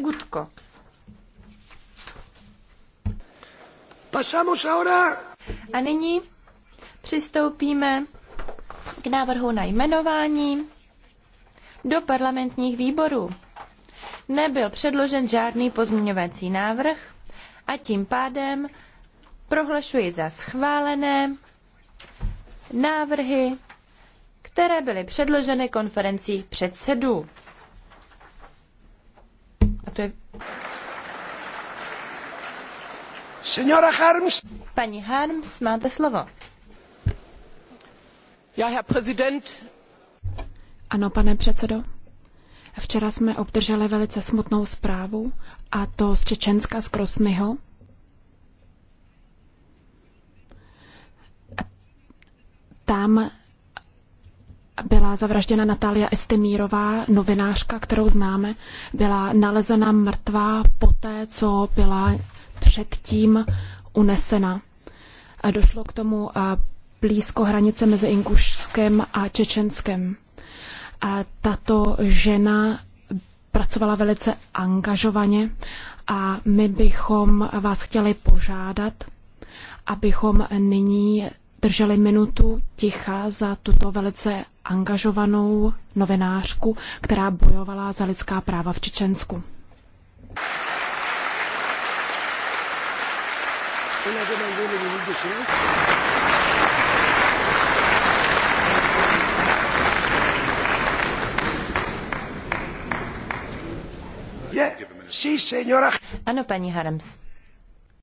Gutko. Pasamos ahora. A nyní přistoupíme k návrhu na jmenování do parlamentních výborů. Nebyl předložen žádný pozměňovací návrh a tím pádem prohlašuji za schválené návrhy, které byly předloženy konferencí předsedů minuty. Senora Harms. Paní Harms, máte slovo. Ja, Herr Präsident. Ano, pane předsedo. Včera jsme obdrželi velice smutnou zprávu, a to z Čečenska, z Krosnyho. Tam byla zavražděna Natalia Estemírová, novinářka, kterou známe. Byla nalezena mrtvá poté, co byla předtím unesena. A došlo k tomu blízko hranice mezi Ingušskem a Čečenskem. A tato žena pracovala velice angažovaně a my bychom vás chtěli požádat, abychom nyní drželi minutu ticha za tuto velice angažovanou novinářku, která bojovala za lidská práva v Čečensku. Ano, paní Harms.